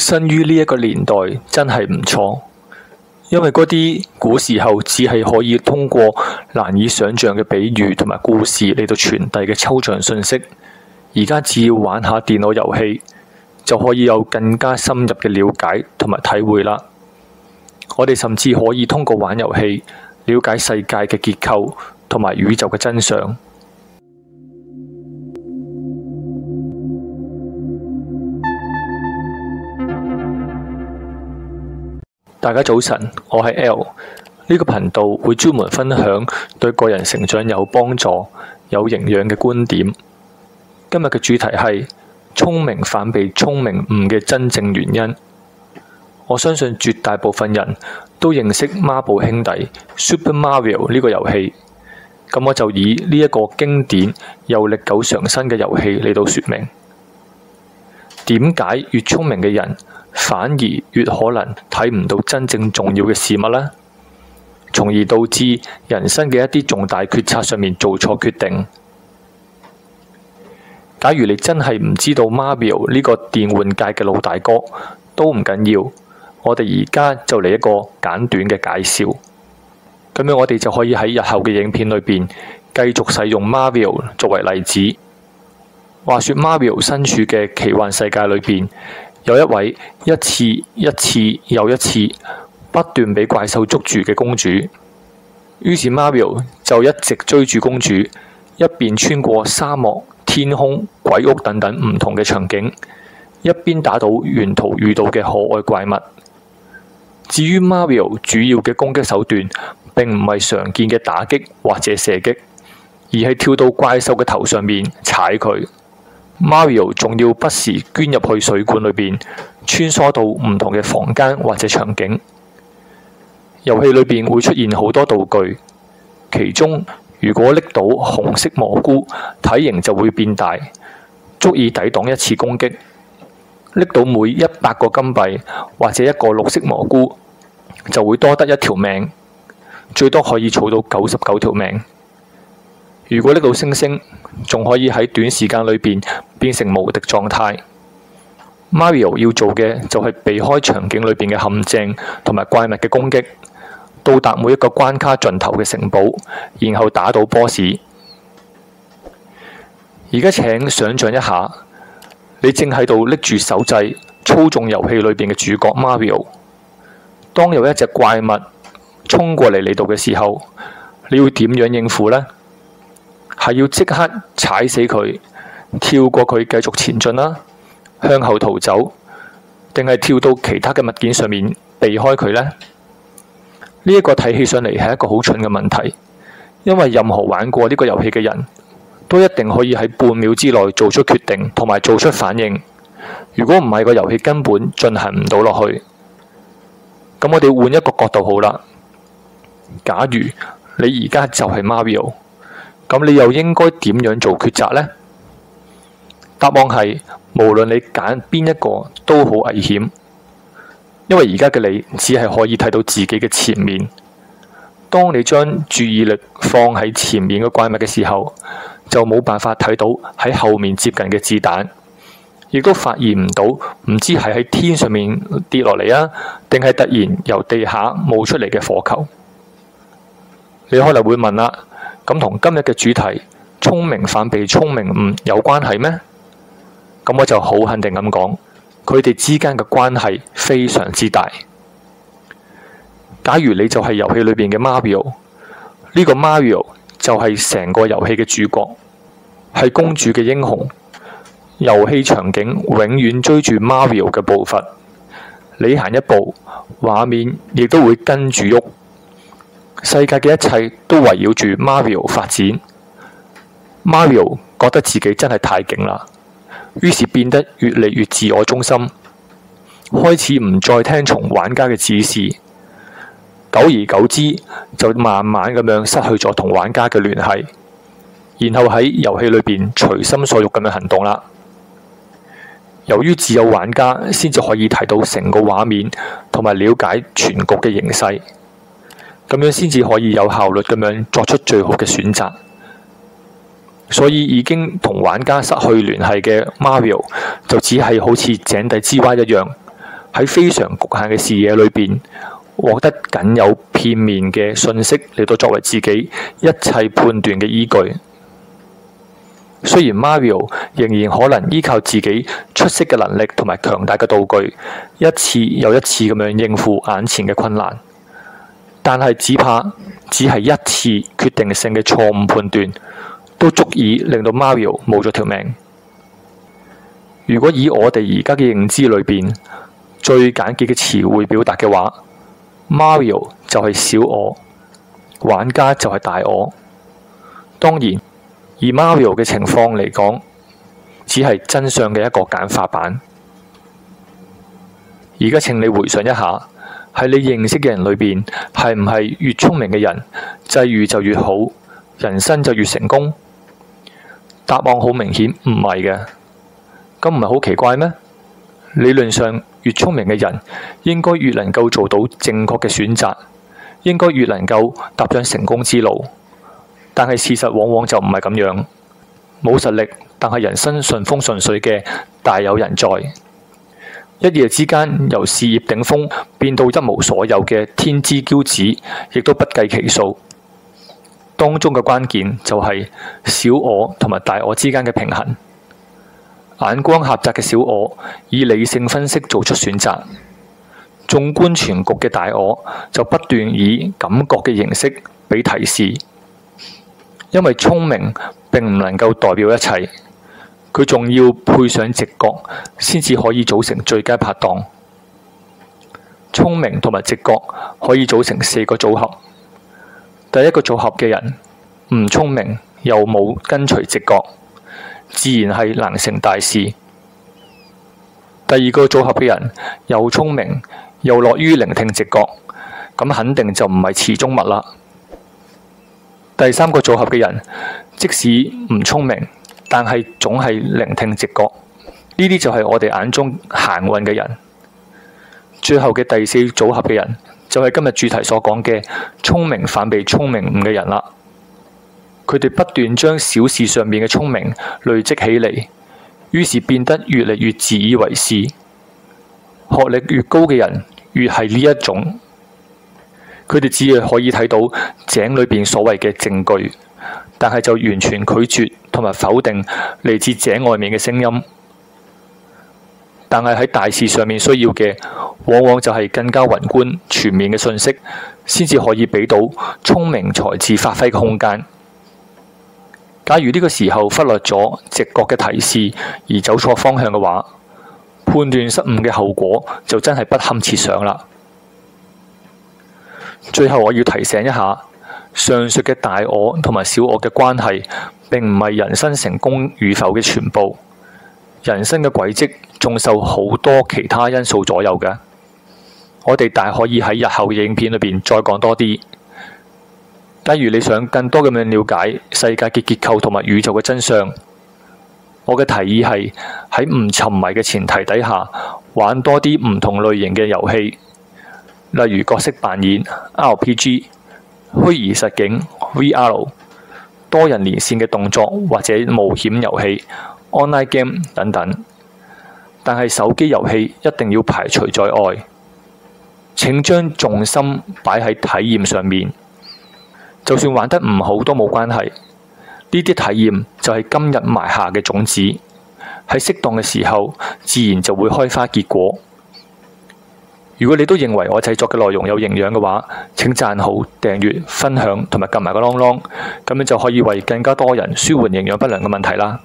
生於呢一個年代真係唔錯，因為嗰啲古時候只係可以通過難以想像嘅比喻同埋故事嚟到傳遞嘅抽象信息，而家只要玩下電腦遊戲就可以有更加深入嘅了解同埋體會啦。我哋甚至可以通過玩遊戲，了解世界嘅結構同埋宇宙嘅真相。大家早晨，我係 L 呢個頻道會專門分享對個人成長有幫助、有營養嘅觀點。今日嘅主題係聰明反被聰明誤嘅真正原因。我相信絕大部分人都認識孖寶兄弟 Super Mario 呢個遊戲。咁我就以呢一個經典又歷久常新嘅遊戲嚟到說明，點解越聰明嘅人，反而越可能睇唔到真正重要嘅事物啦，從而導致人生嘅一啲重大決策上面做錯決定。假如你真係唔知道 Mario 呢個電玩界嘅老大哥都唔緊要，我哋而家就嚟一個簡短嘅介紹，咁樣我哋就可以喺日後嘅影片裏邊繼續使用 Mario 作為例子。話說 Mario 身處嘅奇幻世界裏邊。有一位一次一次又一次不斷被怪獸捉住嘅公主，於是 Mario 就一直追住公主，一邊穿過沙漠、天空、鬼屋等等唔同嘅場景，一邊打倒沿途遇到嘅可愛怪物。至於 Mario 主要嘅攻擊手段，並唔係常見嘅打擊或者射擊，而係跳到怪獸嘅頭上面踩佢。Mario 仲要不時捐入去水管裏邊，穿梭到唔同嘅房間或者場景。遊戲裏邊會出現好多道具，其中如果拎到紅色蘑菇，體型就會變大，足以抵擋一次攻擊。拎到每一百個金幣或者一個綠色蘑菇，就會多得一條命，最多可以儲到九十九條命。如果拎到星星，仲可以喺短時間裏邊，變成無敵狀態，Mario 要做嘅就係避開場景裏邊嘅陷阱同埋怪物嘅攻擊，到達每一個關卡盡頭嘅城堡，然後打倒 boss。而家請想象一下，你正喺度拎住手掣操縱遊戲裏邊嘅主角 Mario，當有一隻怪物衝過嚟你度嘅時候，你會點樣應付呢？係要即刻踩死佢？跳過佢，繼續前進啦，向後逃走，定係跳到其他嘅物件上面避開佢呢？呢一個睇起上嚟係一個好蠢嘅問題，因為任何玩過呢個遊戲嘅人都一定可以喺半秒之內做出決定，同埋做出反應。如果唔係，個遊戲根本進行唔到落去。咁我哋換一個角度好啦。假如你而家就係 Mario，咁你又應該點樣做抉擇呢？答案係，無論你揀邊一個都好危險，因為而家嘅你只係可以睇到自己嘅前面。當你將注意力放喺前面嘅怪物嘅時候，就冇辦法睇到喺後面接近嘅子彈，亦都發現唔到唔知係喺天上面跌落嚟啊，定係突然由地下冒出嚟嘅火球。你可能會問啦，咁、啊、同今日嘅主題聰明反被聰明誤有關係咩？咁我就好肯定咁講，佢哋之間嘅關係非常之大。假如你就係遊戲裏邊嘅 Mario，呢個 Mario 就係成個遊戲嘅主角，係公主嘅英雄。遊戲場景永遠追住 Mario 嘅步伐，你行一步，畫面亦都會跟住喐。世界嘅一切都圍繞住 Mario 發展。Mario 覺得自己真係太勁喇。於是變得越嚟越自我中心，開始唔再聽從玩家嘅指示。久而久之，就慢慢咁樣失去咗同玩家嘅聯繫，然後喺遊戲裏邊隨心所欲咁樣行動啦。由於只有玩家先至可以睇到成個畫面，同埋了解全局嘅形勢，咁樣先至可以有效率咁樣作出最好嘅選擇。所以已經同玩家失去聯繫嘅 Mario 就只係好似井底之蛙一樣，喺非常局限嘅視野裏邊獲得僅有片面嘅信息嚟到作為自己一切判斷嘅依據。雖然 Mario 仍然可能依靠自己出色嘅能力同埋強大嘅道具，一次又一次咁樣應付眼前嘅困難，但係只怕只係一次決定性嘅錯誤判斷。都足以令到 Mario 冇咗條命。如果以我哋而家嘅認知裏邊最簡潔嘅詞彙表達嘅話，Mario 就係小我，玩家就係大我。當然，以 Mario 嘅情況嚟講，只係真相嘅一個簡化版。而家請你回想一下，喺你認識嘅人裏邊，係唔係越聰明嘅人，際遇就越好，人生就越成功？答案好明顯，唔係嘅，咁唔係好奇怪咩？理論上，越聰明嘅人應該越能夠做到正確嘅選擇，應該越能夠踏上成功之路。但係事實往往就唔係咁樣，冇實力但係人生順風順水嘅大有人在，一夜之間由事業頂峰變到一無所有嘅天之驕子，亦都不計其數。當中嘅關鍵就係小我同埋大我之間嘅平衡。眼光狹窄嘅小我以理性分析做出選擇，縱觀全局嘅大我就不斷以感覺嘅形式畀提示。因為聰明並唔能夠代表一切，佢仲要配上直覺先至可以組成最佳拍檔。聰明同埋直覺可以組成四個組合。第一個組合嘅人唔聰明又冇跟隨直覺，自然係難成大事。第二個組合嘅人又聰明又樂於聆聽直覺，咁肯定就唔係池中物啦。第三個組合嘅人即使唔聰明，但係總係聆聽直覺，呢啲就係我哋眼中行運嘅人。最後嘅第四組合嘅人。就係今日主題所講嘅聰明反被聰明誤嘅人喇。佢哋不斷將小事上面嘅聰明累積起嚟，於是變得越嚟越自以為是。學歷越高嘅人，越係呢一種。佢哋只係可以睇到井裏邊所謂嘅證據，但係就完全拒絕同埋否定嚟自井外面嘅聲音。但係喺大事上面需要嘅，往往就係更加宏觀全面嘅信息，先至可以俾到聰明才智發揮嘅空間。假如呢個時候忽略咗直覺嘅提示而走錯方向嘅話，判斷失誤嘅後果就真係不堪設想啦。最後我要提醒一下，上述嘅大我同埋小我嘅關係並唔係人生成功與否嘅全部。人生嘅軌跡仲受好多其他因素左右嘅，我哋大可以喺日後影片裏邊再講多啲。假如你想更多咁樣了解世界嘅結構同埋宇宙嘅真相，我嘅提議係喺唔沉迷嘅前提底下，玩多啲唔同類型嘅遊戲，例如角色扮演 RPG、虛擬實境 VR、多人連線嘅動作或者冒險遊戲。Online game 等等，但係手機遊戲一定要排除在外，請將重心擺喺體驗上面。就算玩得唔好都冇關係，呢啲體驗就係今日埋下嘅種子，喺適當嘅時候自然就會開花結果。如果你都認為我製作嘅內容有營養嘅話，請讚好、訂閱、分享同埋撳埋個啷啷，咁樣就可以為更加多人舒緩營養不良嘅問題啦。